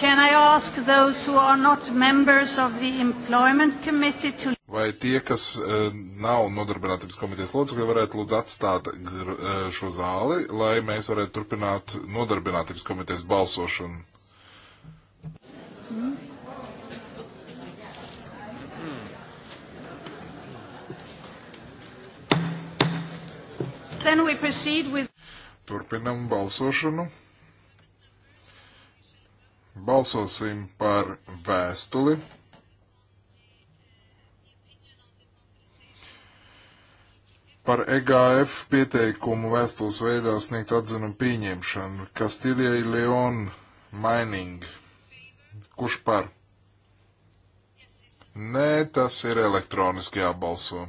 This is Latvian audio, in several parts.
Can I ask those who are not members of the employment committee to... Vai tie, kas uh, nav nodarbinātības komitejas locekļi, varētu lūdzu atstāt uh, šo zāli, lai mēs varētu turpināt nodarbinātības komitejas balsošanu? Mm. Then we proceed with... Turpinam balsošanu. Balsosim par vēstuli. par EGF pieteikumu vēstules veidā sniegt atzinumu pieņemšanu. Kastiljai Leon Mining. Kurš par? Nē, tas ir elektroniski jābalso.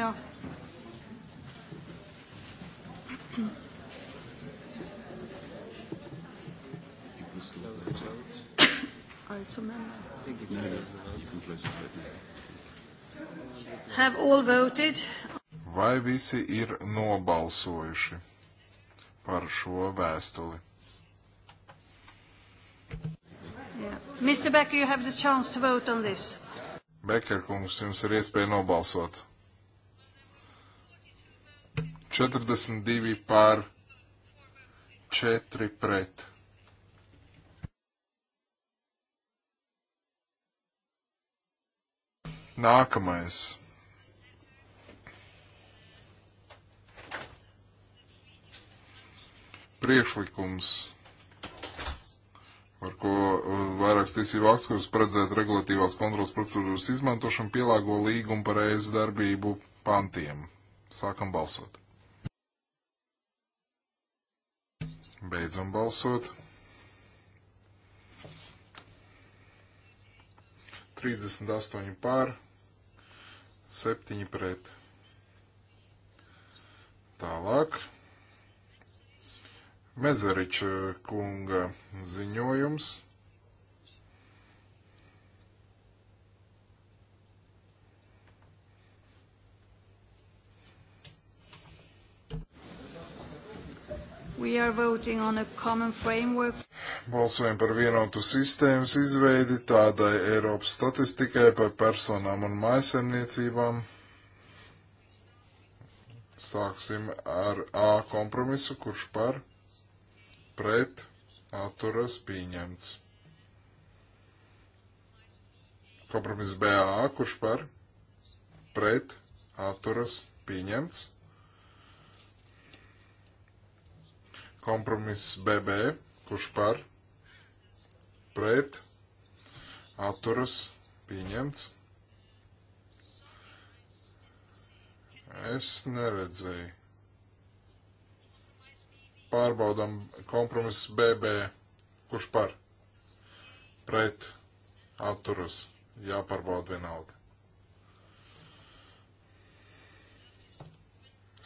Jā. it's a member. I think it matters. You can close the vote. Have all voted? Vai visi ir nobalsojuši par šo vēstuli? Yeah. Mr. Becker, you have the chance to vote on this. Becker kungs, jums ir iespēja nobalsot. 42 pār 4 pret. Nākamais. Priekšlikums, ar ko uh, vairākas tiesību akts, kurus paredzētu regulatīvās kontrolas procedūras izmantošanu, pielāgo līgumu par ēzes darbību pantiem. Sākam balsot. Beidzam balsot. 38 pār, 7 pret. Tālāk. Mezeriča kunga ziņojums. We are voting on a common framework balsojam par vienotu sistēmas izveidi tādai Eiropas statistikai par personām un maisaimniecībām. Sāksim ar A kompromisu, kurš par pret atturas pieņemts. Kompromiss BA, kurš par pret atturas pieņemts. Kompromiss BB, kurš par pret, atturas, pieņemts. Es neredzēju. Pārbaudam kompromiss BB. Kurš par? Pret, atturas, jāpārbauda vienalga.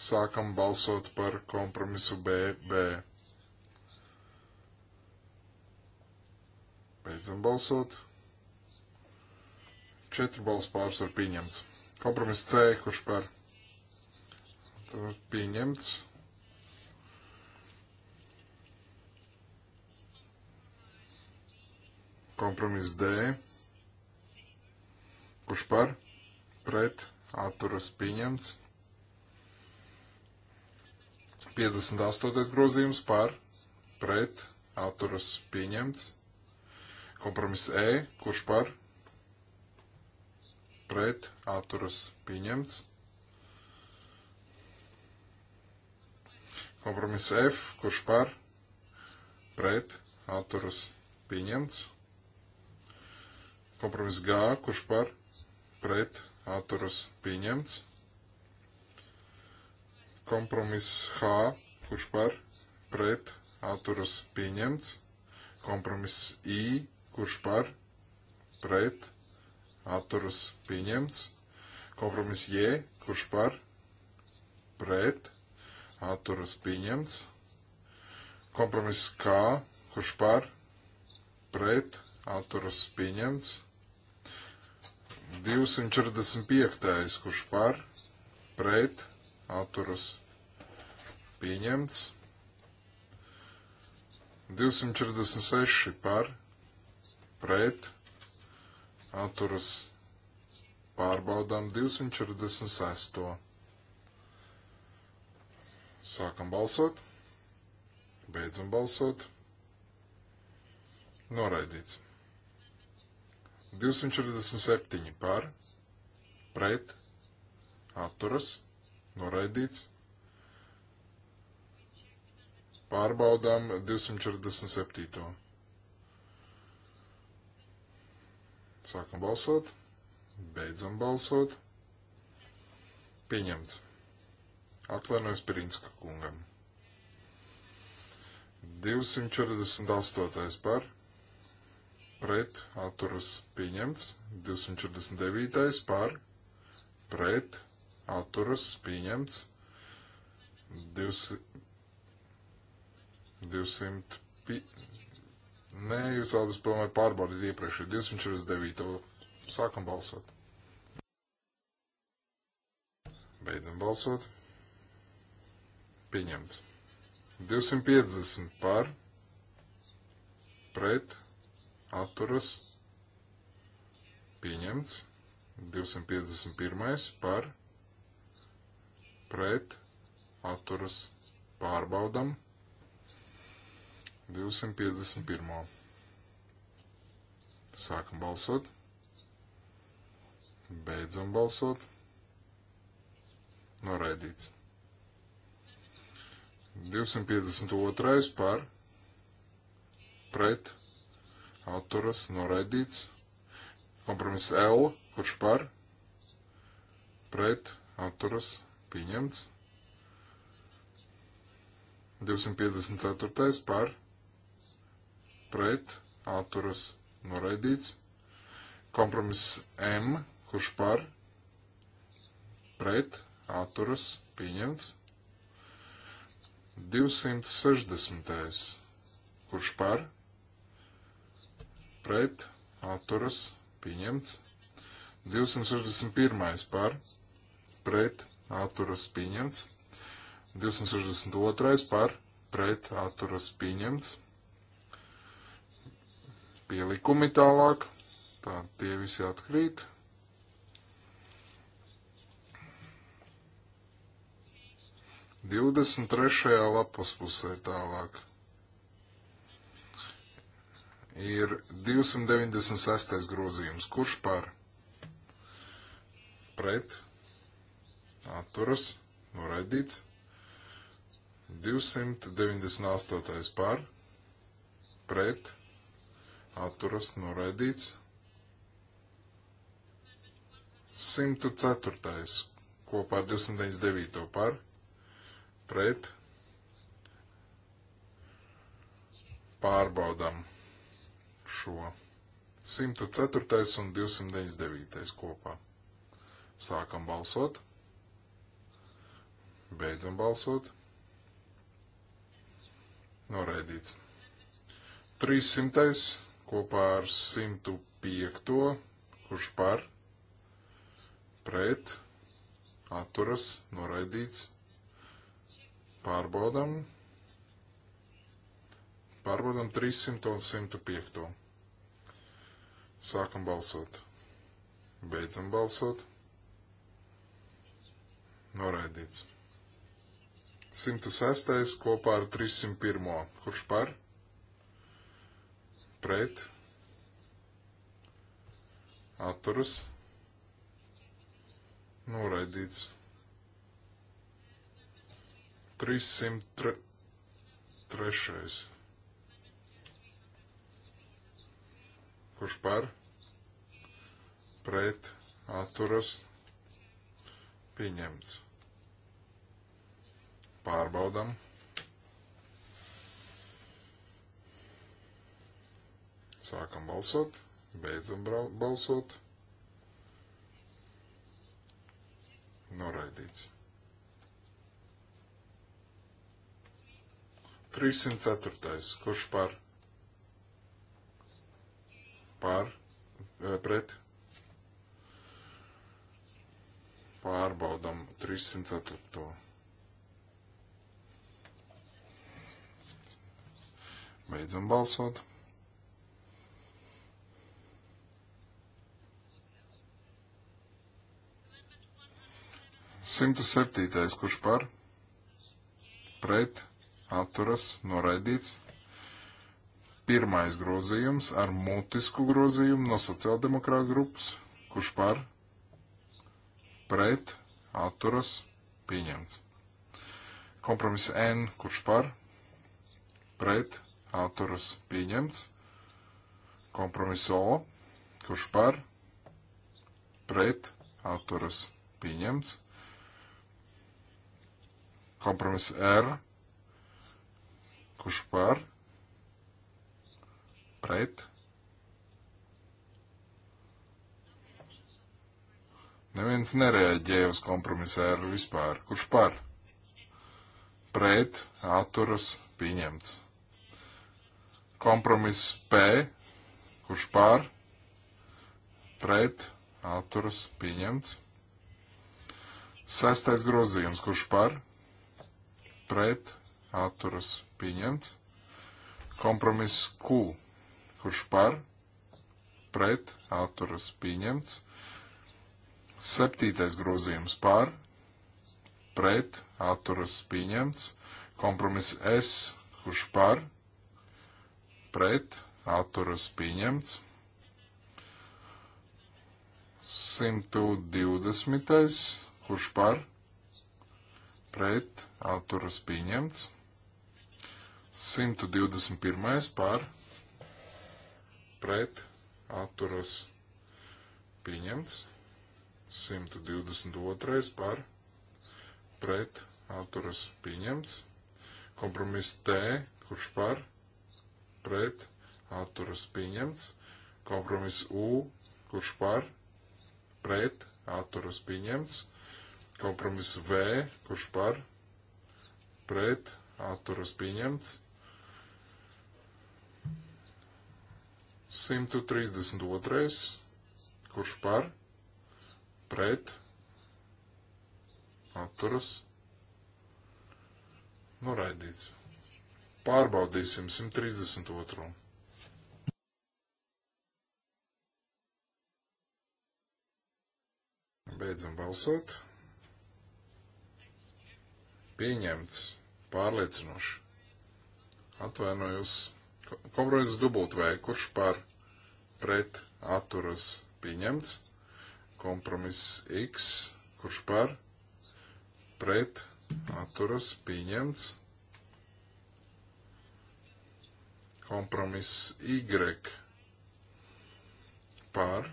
Sākam balsot par kompromisu BB. Beidzam balsot. Četru balsu pārsvaru pieņemts. Kompromiss C, kurš par tur pieņemts. Kompromiss D, kurš par pret atturas pieņemts. 58. grozījums par pret atturas pieņemts. Kompromiss E, kurš par pret atturas pieņemts. Kompromiss F, kurš par pret atturas pieņemts. Kompromiss G, kurš par pret atturas pieņemts. Kompromiss H, kurš par pret atturas pieņemts. Kompromiss I, kurš par, pret, atturas pieņemts. Kompromiss J, kurš par, pret, atturas pieņemts. Kompromiss K, kurš par, pret, atturas pieņemts. 245. kurš par, pret, atturas pieņemts. 246 par, pret atturas pārbaudām 246. Sākam balsot, beidzam balsot, noraidīts. 247 par, pret, atturas, noraidīts. Pārbaudām 247. Sākam balsot. Beidzam balsot. Pieņemts. Atvainojos Pirinska kungam. 248. par pret atturas pieņemts. 249. par pret atturas pieņemts. 200, 200, Nē, jūs vēlaties tomēr pārbaudīt iepriekš 249. Sākam balsot. Beidzam balsot. Pieņemts. 250 par, pret, atturas, pieņemts. 251 par, pret, atturas, pārbaudam. 251. Sākam balsot. Beidzam balsot. Noraidīts. 252. par pret autoras noraidīts. Kompromiss L, kurš par pret autoras pieņemts. 254. par pret pret, atturas noraidīts. Kompromiss M, kurš par, pret, atturas pieņemts. 260. kurš par, pret, atturas pieņemts. 261. par, pret, atturas pieņemts. 262. par, pret, atturas pieņemts pielikumi tālāk. Tā tie visi atkrīt. Divdesmit trešajā lapas pusē tālāk ir 296. grozījums. Kurš par? Pret? Atturas? Noraidīts? 298. par? Pret? atturas noraidīts. 104. kopā ar 299. par pret pārbaudam šo 104. un 299. kopā. Sākam balsot, beidzam balsot, noraidīts. 300 kopā ar 105, kurš par, pret, atturas, noraidīts. Pārbaudam. Pārbaudam 300 un 105. Sākam balsot. Beidzam balsot. Noraidīts. 106. kopā ar 301. Kurš par? pret, atturas, noraidīts. 303. Kurš par? Pret, atturas, pieņemts. Pārbaudam. Sākam balsot, beidzam balsot. Noraidīts. 304. Kurš par? Par? Pret? Pārbaudam 304. Beidzam balsot. 107. kurš par pret atturas noraidīts. Pirmais grozījums ar mutisku grozījumu no sociāldemokrāta grupas, kurš par pret atturas pieņemts. Kompromiss N, kurš par pret atturas pieņemts. Kompromiss O, kurš par pret atturas pieņemts Kompromiss R. Kurš par? Pret. Neviens nereaģēja uz kompromisu R vispār. Kurš par? Pret, atturas, pieņemts. Kompromiss P. Kurš par? Pret, atturas, pieņemts. Sestais grozījums. Kurš par? pret atturas pieņemts. Kompromiss Q, kurš par pret atturas pieņemts. Septītais grozījums par pret atturas pieņemts. Kompromiss S, kurš par pret atturas pieņemts. 120. kurš par pret pret atturas pieņemts. 121. par pret atturas pieņemts. 122. par pret atturas pieņemts. Kompromiss T, kurš par pret atturas pieņemts. Kompromiss U, kurš par pret atturas pieņemts Kompromiss V, kurš par, pret, atturas pieņemts. 132. kurš par, pret, atturas, noraidīts. Pārbaudīsim 132. Beidzam balsot. Pieņemts. Pārliecinoši. Atvainojos. Kompromiss dubultvē. Kurš par pret atturas pieņemts? Kompromiss X. Kurš par pret atturas pieņemts? Kompromiss Y. Par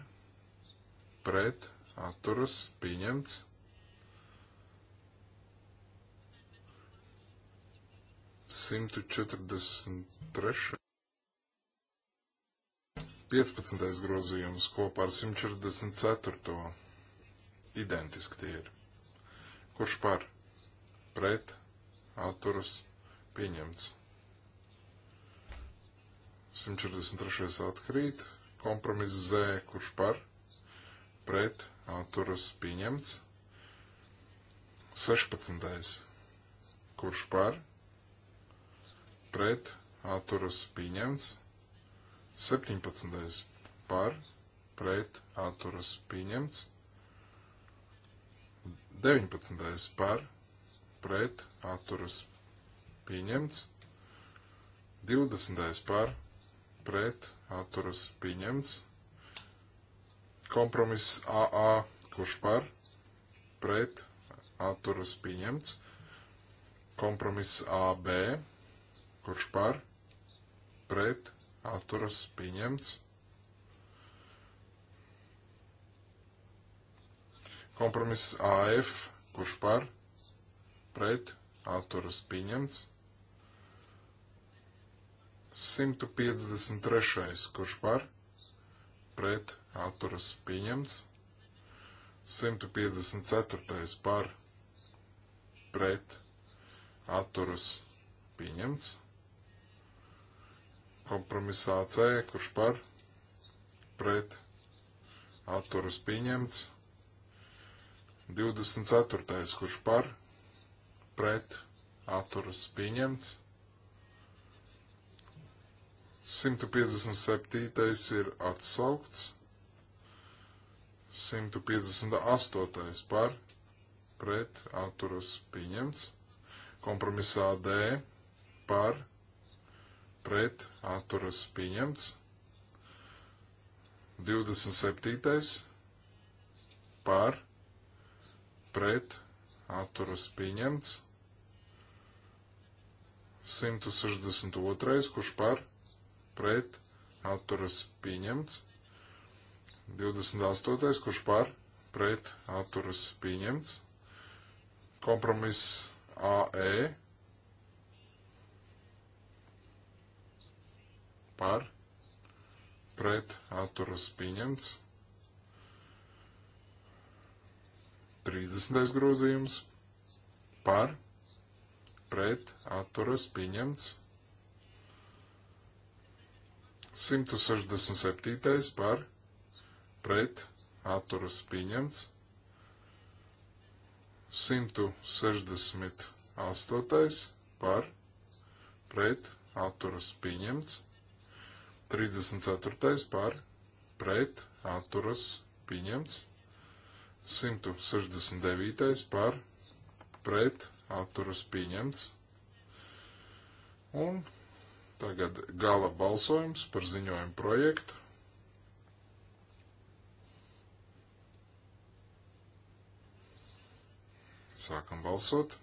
pret atturas pieņemts? 143. 15. grozījums kopā ar 144. identiski tie ir. Kurš par? Pret, atturas, pieņemts. 143. atkrīt, kompromiss Z, kurš par? Pret, atturas, pieņemts. 16. kurš par? pret atturas pieņemts. 17. par pret atturas pieņemts. 19. par pret atturas pieņemts. 20. par pret atturas pieņemts. Kompromiss AA, kurš par pret atturas pieņemts. Kompromiss AB, Kurš par? Pret. Atturas pieņemts. Kompromiss AF. Kurš par? Pret. Atturas pieņemts. 153. Kurš par? Pret. Atturas pieņemts. 154. par pret atturas pieņemts. Kompromisā C, kurš par pret atturas pieņemts. 24. kurš par pret atturas pieņemts. 157. ir atsaukts. 158. par pret atturas pieņemts. Kompromisā D par pret atturas pieņemts. 27. par pret atturas pieņemts. 162. kurš par pret atturas pieņemts. 28. kurš par pret atturas pieņemts. Kompromiss AE par pret atturas pieņemts. 30. grozījums par pret atturas pieņemts. 167. par pret atturas pieņemts. 168. par pret atturas pieņemts. 34. par pret atturas pieņemts. 169. par pret atturas pieņemts. Un tagad gala balsojums par ziņojumu projektu. Sākam balsot.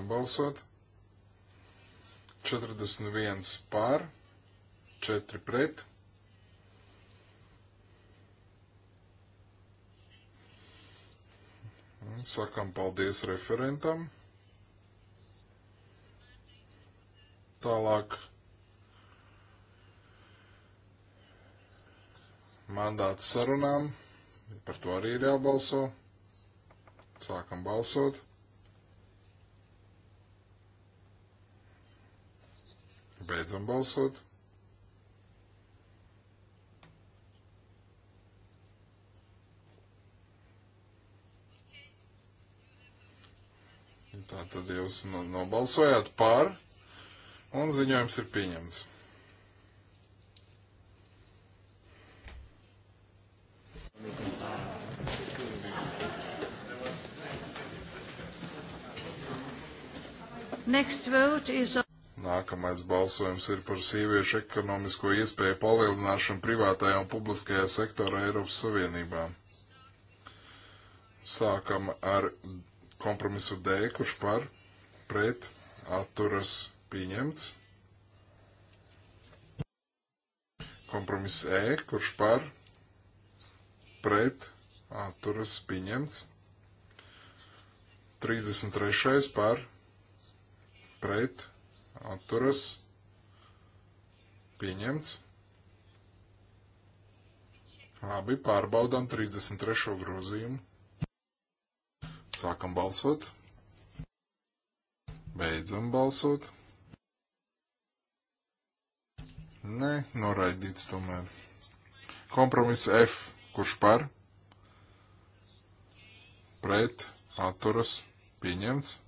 Beidzam balsot. 41 pār, 4 pret. Un sakam paldies referentam. Tālāk mandāts sarunām. Par to arī ir jābalso. Sākam balsot. Beidzam balsot. Tā tad jūs nobalsojāt pār, un ziņojums ir pieņemts. Next vote is Nākamais balsojums ir par sieviešu ekonomisko iespēju palielināšanu privātajā un publiskajā sektorā Eiropas Savienībā. Sākam ar kompromisu D, kurš par pret atturas pieņemts. Kompromiss E, kurš par pret atturas pieņemts. 33. par pret atturas pieņemts. Labi, pārbaudām 33. grozījumu. Sākam balsot. Beidzam balsot. Nē, noraidīts tomēr. Kompromiss F, kurš par, pret, atturas, pieņemts.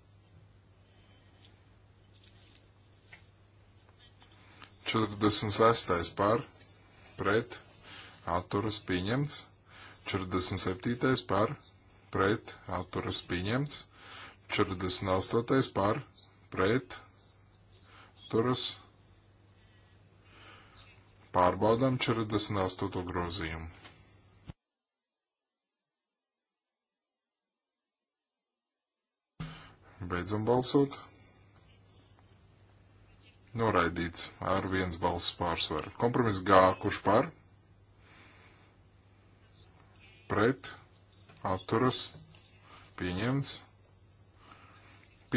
46. par, pret, atturas pieņemts. 47. par, pret, atturas pieņemts. 48. par, pret, atturas. Pārbaudām 48. grozījumu. Beidzam balsot. Noraidīts ar viens balss pārsvaru. Kompromiss G, kurš par? Pret. Atturas. Pieņemts.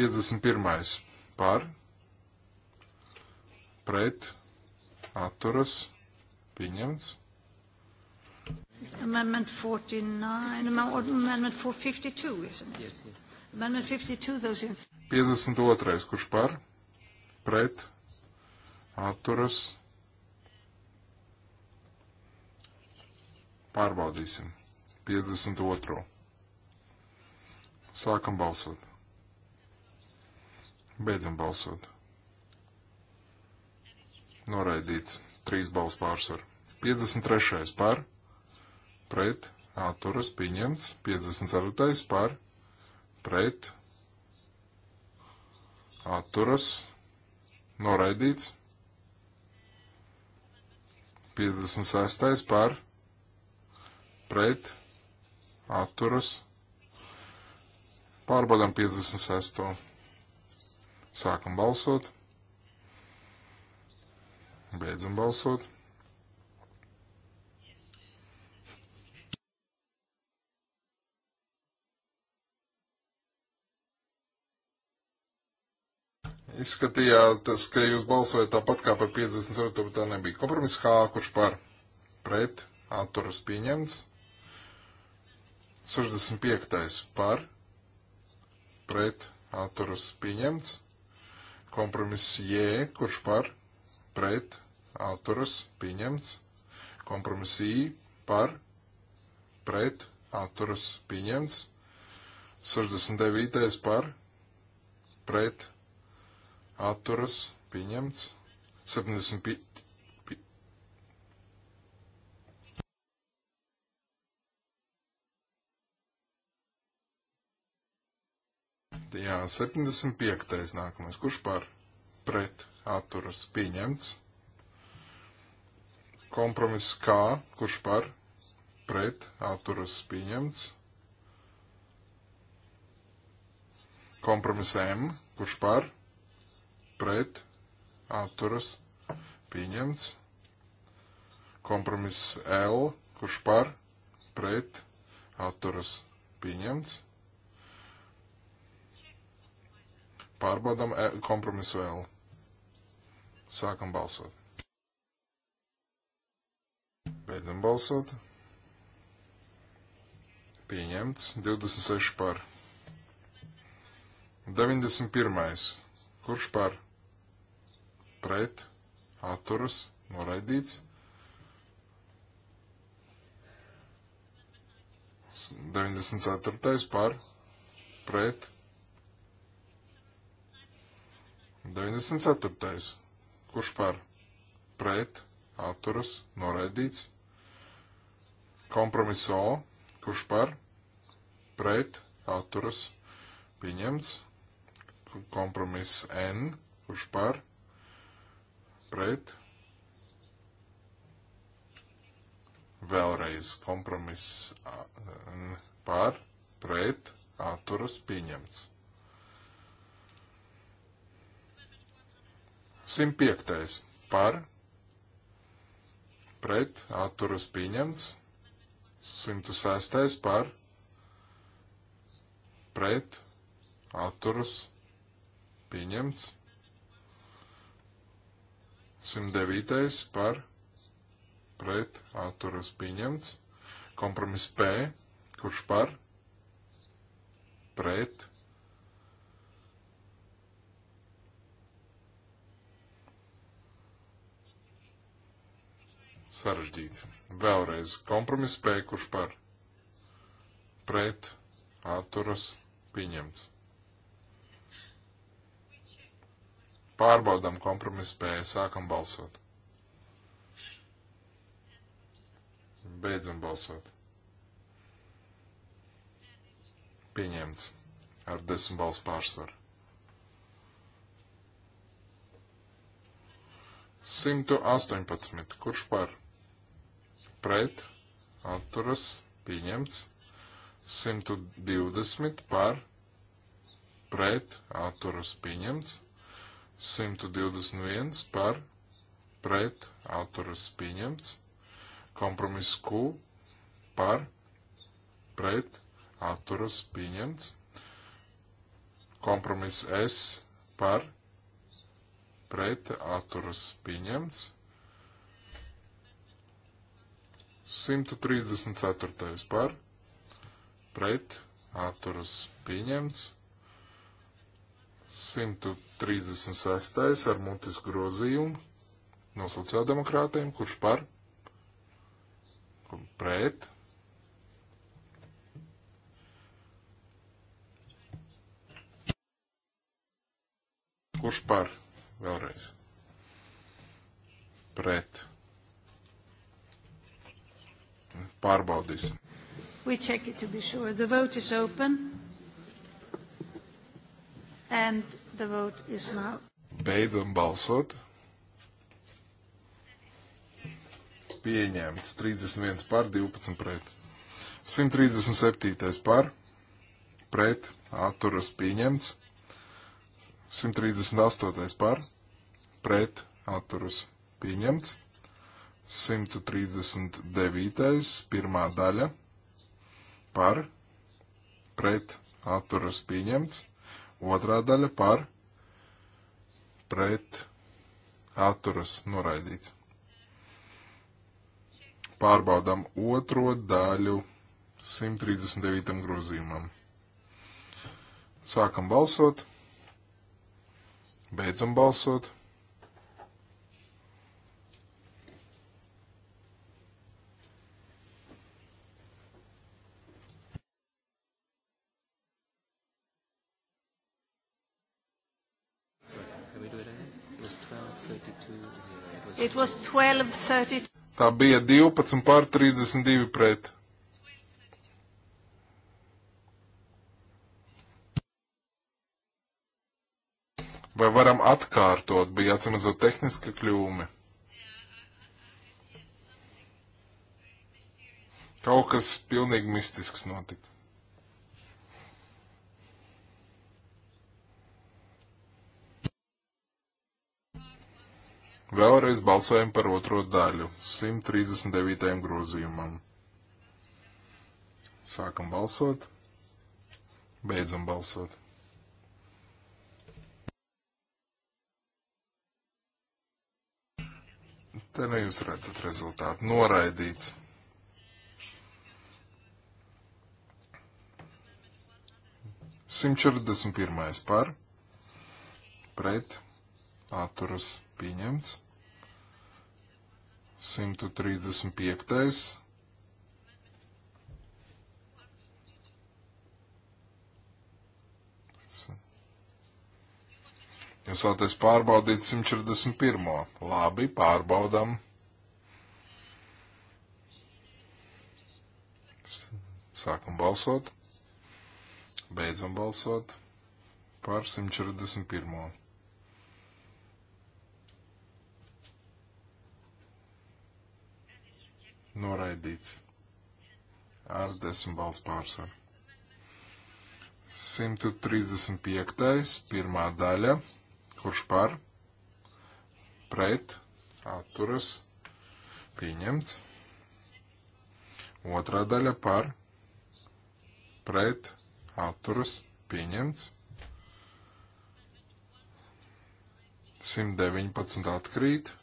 51. Par. Pret. Atturas. Pieņemts. Amendment 49, amendment 452, isn't it? Yes, yes. Amendment 52, those in... 52. Kurš par? Pret atturas. Pārbaudīsim. 52. Sākam balsot. Beidzam balsot. Noraidīts. Trīs balss pārsvaru. 53. par. Pret. Atturas pieņemts. 54. par. Pret. Atturas. Noraidīts. 56. par pret atturas. Pārbaudām 56. Sākam balsot. Beidzam balsot. izskatījās, ka jūs balsojat tāpat kā par 57, bet tā nebija. Kompromiss H, kurš par pret atturas pieņemts. 65. par pret atturas pieņemts. Kompromiss J, kurš par pret atturas pieņemts. Kompromiss I par pret atturas pieņemts. 69. par pret atturas pieņemts 75. Pi... Jā, 75. nākamais. Kurš par pret atturas pieņemts? Kompromiss K. Kurš par pret atturas pieņemts? Kompromiss M. Kurš par pret? pret, atturas, pieņemts. Kompromiss L, kurš par, pret, atturas, pieņemts. Pārbaudam e kompromisu L. Sākam balsot. Beidzam balsot. Pieņemts. 26 par. 91. Kurš par? pret, atturas, noraidīts. 94. par, pret, 94. kurš par, pret, atturas, noraidīts. Kompromiss O, kurš par, pret, atturas, pieņemts. Kompromiss N, kurš par, pret. Vēlreiz kompromiss par, pret, atturas pieņemts. 105. par, pret, atturas pieņemts. 106. par, pret, atturas pieņemts. 109. par pret atturas pieņemts. Kompromis P, kurš par pret sarežģīti. Vēlreiz kompromis P, kurš par pret atturas pieņemts. Pārbaudām kompromisu B, sākam balsot. Beidzam balsot. Pieņemts ar desmit balsu pārsvaru. 118. Kurš par? Pret, atturas, pieņemts. 120 par, pret, atturas, pieņemts. 121 par pret atturas pieņemts. Kompromiss Q par pret atturas pieņemts. Kompromiss S par pret atturas pieņemts. 134 par pret atturas pieņemts. 136. ar mutisku grozījumu no sociāldemokrātiem, kurš par, kurš pret. Kurš par vēlreiz? Pret. Pārbaudīsim. We check it to be sure. The vote is open. And the vote is now. Beidzam balsot. Pieņemts 31 par, 12 pret. 137 par, pret, atturas pieņemts. 138 par, pret, atturas pieņemts. 139. pirmā daļa par, pret, atturas pieņemts. Otrā daļa par pret atturas noraidīts. Pārbaudām otro daļu 139. grozījumam. Sākam balsot, beidzam balsot. 12, Tā bija 12 pār 32 pret. Vai varam atkārtot? Bija atcīmredzot tehniska kļūme. Kaut kas pilnīgi mistisks notika. Vēlreiz balsojam par otro daļu, 139. grozījumam. Sākam balsot, beidzam balsot. Te nu jūs redzat rezultātu. Noraidīts. Simtčetrdesmit pirmais par, pret, atturas pieņemts. 135. Jūs vēlaties pārbaudīt 141. Labi, pārbaudam. Sākam balsot. Beidzam balsot par 141. noraidīts ar desmit balsu pārsvaru. 135. pirmā daļa, kurš par, pret, atturas, pieņemts. Otrā daļa par, pret, atturas, pieņemts. 119 atkrīt.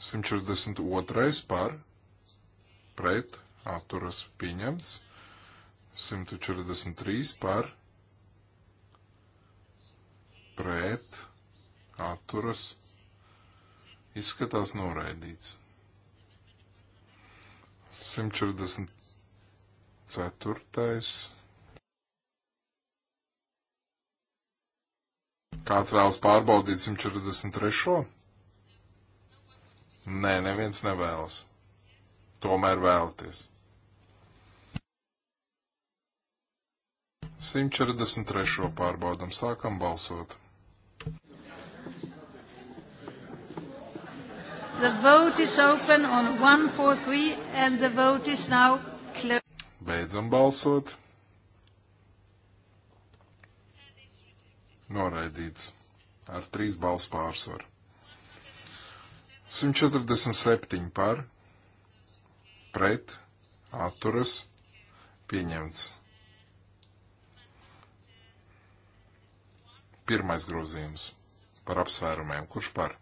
142. par pret atturas pieņemts. 143 par pret atturas izskatās noraidīts. 144. Kāds vēlas pārbaudīt 143? Nē, neviens nevēlas. Tomēr vēlties. 143. pārbaudam, sākam balsot. The vote is open on 143 and the vote is now closed. Beidzam balsot. Noraidīts ar trīs balsu pārsvaru. 147 par, pret, atturas, pieņemts. Pirmais grozījums par apsvērumiem. Kurš par?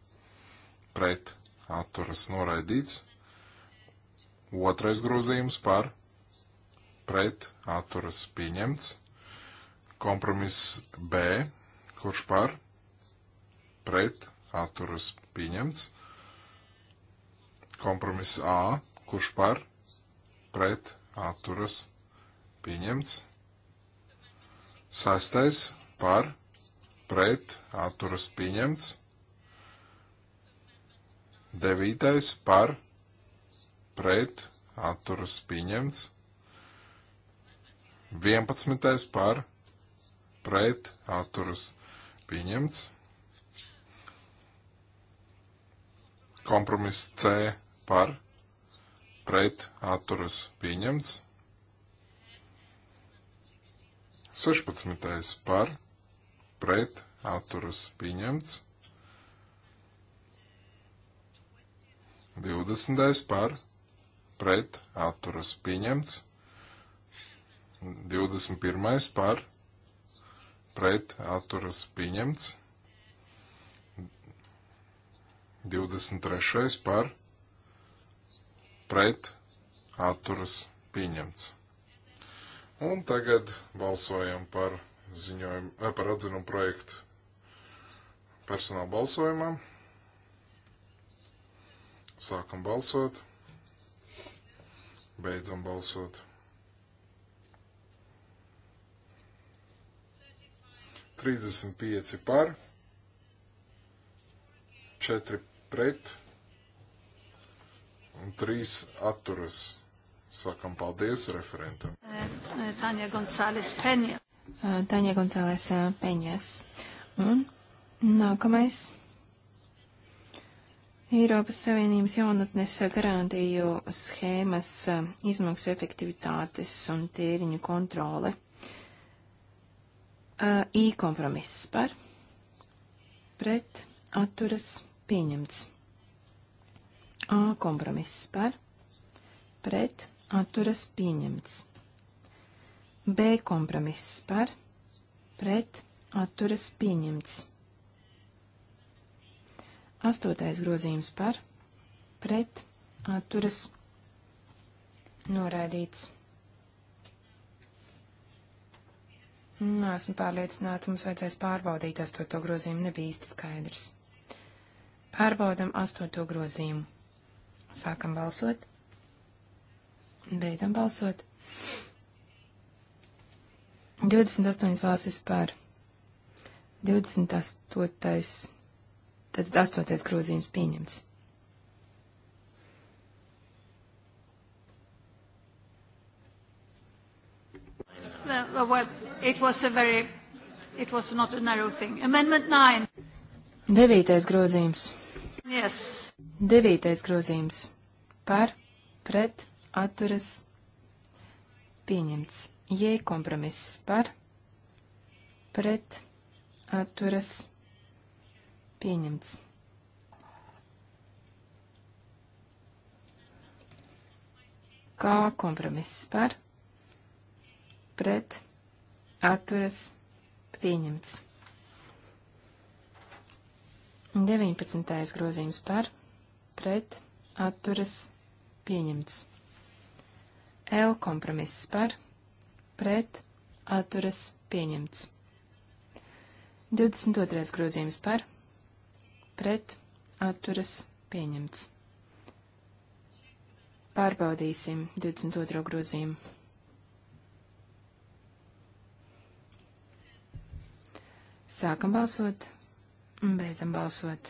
Pret, atturas, noraidīts. Otrais grozījums par, pret, atturas, pieņemts. Kompromiss B. Kurš par? Pret, atturas, pieņemts. Kompromiss A, kurš par, pret, atturas, pieņemts. Sastais, par, pret, atturas, pieņemts. Devītais, par, pret, atturas, pieņemts. Vienpadsmitais, par, pret, atturas, pieņemts. Kompromiss C par pret atturas pieņemts. 16. par pret atturas pieņemts. 20. par pret atturas pieņemts. 21. par pret atturas pieņemts. 23. par pret atturas pieņemts. Un tagad balsojam par, ziņojumu, eh, par atzinumu projektu personāla balsojumam. Sākam balsot. Beidzam balsot. 35 par, 4 pret, Trīs atturas. Sakam paldies referentam. Eh, eh, Tāņa Gonzāles Peņa. Eh, Tāņa Gonzāles Peņas. Un nākamais. Eiropas Savienības jaunatnes garantiju schēmas izmaksu efektivitātes un tēriņu kontrole. I kompromiss par, pret, atturas, pieņemts. A kompromiss par, pret, atturas pieņemts. B kompromiss par, pret, atturas pieņemts. Astotais grozījums par, pret, atturas noraidīts. Nā, esmu pārliecināta, mums vajadzēs pārbaudīt astoto grozījumu, nebija īsti skaidrs. Pārbaudam astoto grozījumu. Sākam balsot. Beidzam balsot. 28 valstis par. 28. Tātad 8. grozījums pieņemts. Well, it was a very, it was not a narrow thing. Amendment 9. Devītais grozījums. Yes. Devītais grozījums par, pret, atturas, pieņemts. J kompromiss par, pret, atturas, pieņemts. Kā kompromiss par, pret, atturas, pieņemts. 19. grozījums par, pret, atturas, pieņemts. L kompromiss par, pret, atturas, pieņemts. 22. grozījums par, pret, atturas, pieņemts. Pārbaudīsim 22. grozījumu. Sākam balsot. Beidzam balsot.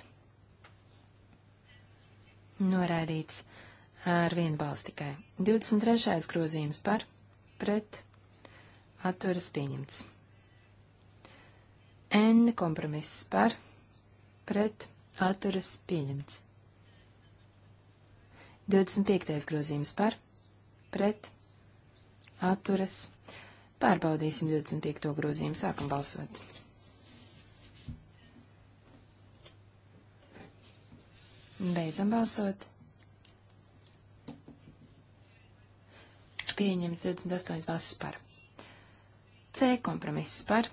Norādīts ar vienu balsi tikai. 23. grozījums par, pret, atturas pieņemts. N kompromiss par, pret, atturas pieņemts. 25. grozījums par, pret, atturas. Pārbaudīsim 25. grozījumu, sākam balsot. Beidzam balsot. Pieņems 28 balsis par. C kompromiss par.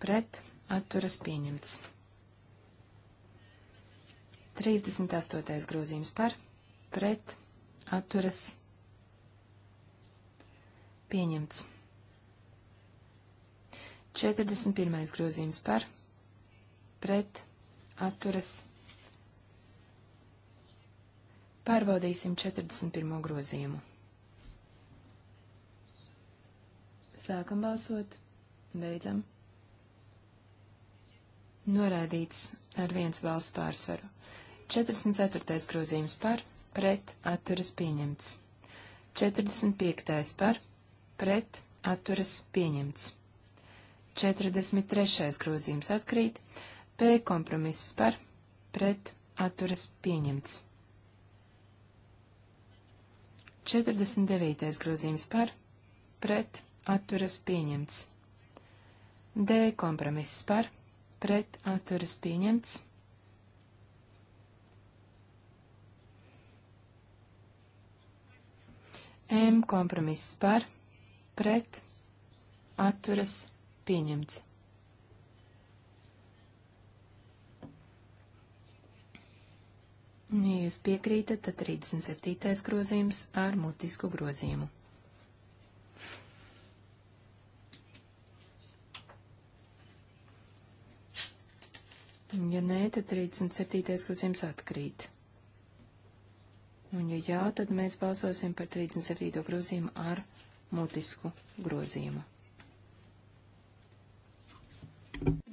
Pret atturas pieņemts. 38. grozījums par. Pret atturas pieņemts. 41. grozījums par pret atturas Pārbaudīsim 41. grozījumu. Sākam balsot, beidzam. Norādīts ar viens balss pārsvaru. 44. grozījums par, pret, atturas pieņemts. 45. par, pret, atturas pieņemts. 43. grozījums atkrīt, P kompromiss par, pret, atturas pieņemts. 49. grozījums par, pret, atturas pieņemts. D kompromiss par, pret, atturas pieņemts. M kompromiss par, pret, atturas pieņemts. Ja jūs piekrītat, tad 37. grozījums ar mutisku grozījumu. Ja nē, tad 37. grozījums atkrīt. Un ja jā, tad mēs balsosim par 37. grozījumu ar mutisku grozījumu.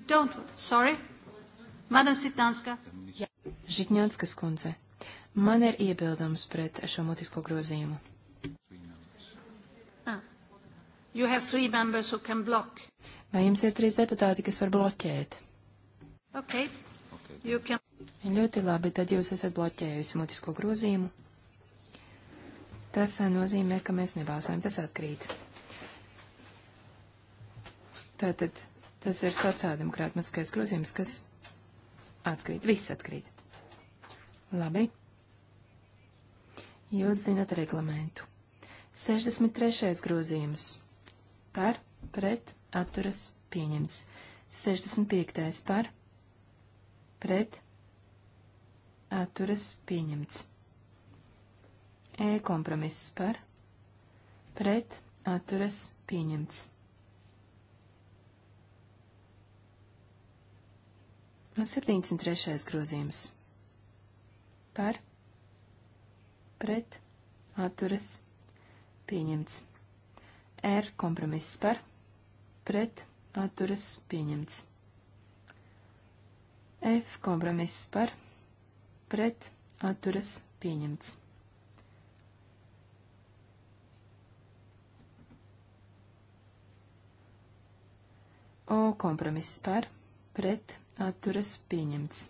Don't, sorry, Madam Sitanska. Žitņānskas kundze, man ir iebildums pret šo mutisko grozījumu. Ah. Vai jums ir trīs deputāti, kas var bloķēt? Okay. Can... Ļoti labi, tad jūs esat bloķējusi mutisko grozījumu. Tas eh, nozīmē, ka mēs nebalsojam, tas atkrīt. Tātad tas ir sociāldemokrāta maskais grozījums, kas atkrīt, viss atkrīt. Labi. Jūs zinat reglamentu. 63. grozījums. Par, pret, atturas, pieņems. 65. par, pret, atturas, pieņemts. E kompromiss par, pret, atturas, pieņemts. 73. grozījums par pret atturas pieņemts. R kompromiss par pret atturas pieņemts. F kompromiss par pret atturas pieņemts. O kompromiss par pret atturas pieņemts.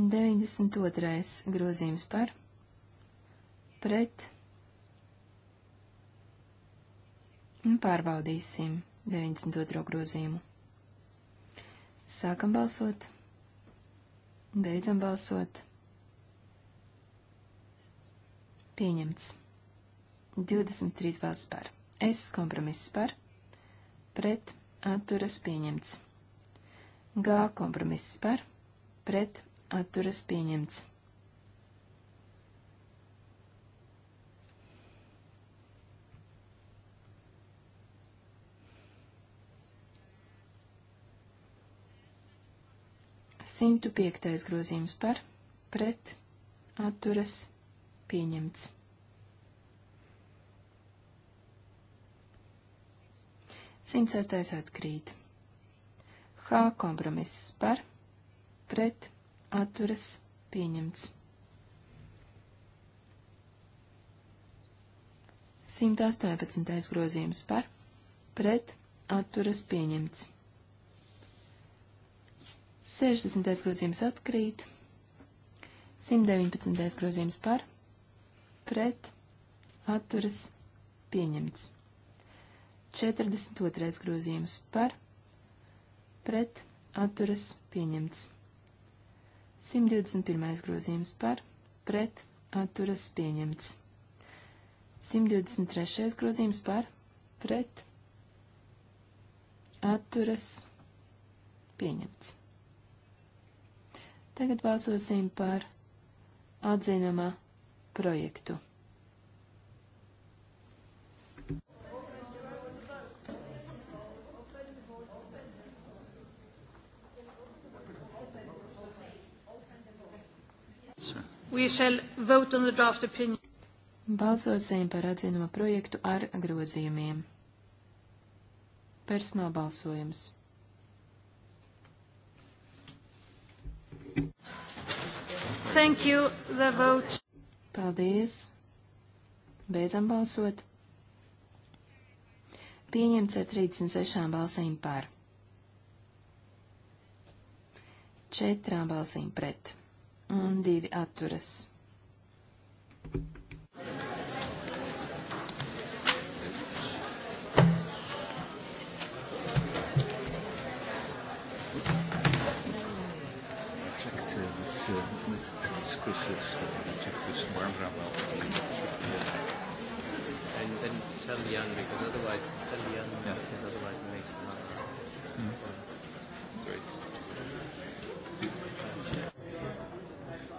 92. grozījums par pret un pārbaudīsim 92. grozījumu. Sākam balsot, beidzam balsot. Pieņemts. 23 balsts par. Es kompromiss par. Pret atturas pieņemts. G kompromiss par. Pret atturas pieņemts. Simtu piektais grozījums par, pret, atturas, pieņemts. Simts sastais atkrīt. H kompromiss par, pret, atturas pieņemts. 118. grozījums par pret atturas pieņemts. 60. grozījums atkrīt. 119. grozījums par pret atturas pieņemts. 42. grozījums par pret atturas pieņemts. 121. grozījums par pret atturas pieņemts. 123. grozījums par pret atturas pieņemts. Tagad balsosim par atzinamā projektu. Balsosim par atzinuma projektu ar grozījumiem. Personāla balsojums. Thank you, the vote. Paldies. Beidzam balsot. Pieņemts ar 36 balsīm par. Četrām balsīm pret un divi atturas. discusses objectives more well. And then tell Jan because otherwise tell Jan yeah. because otherwise it makes a lot of mm. sorry.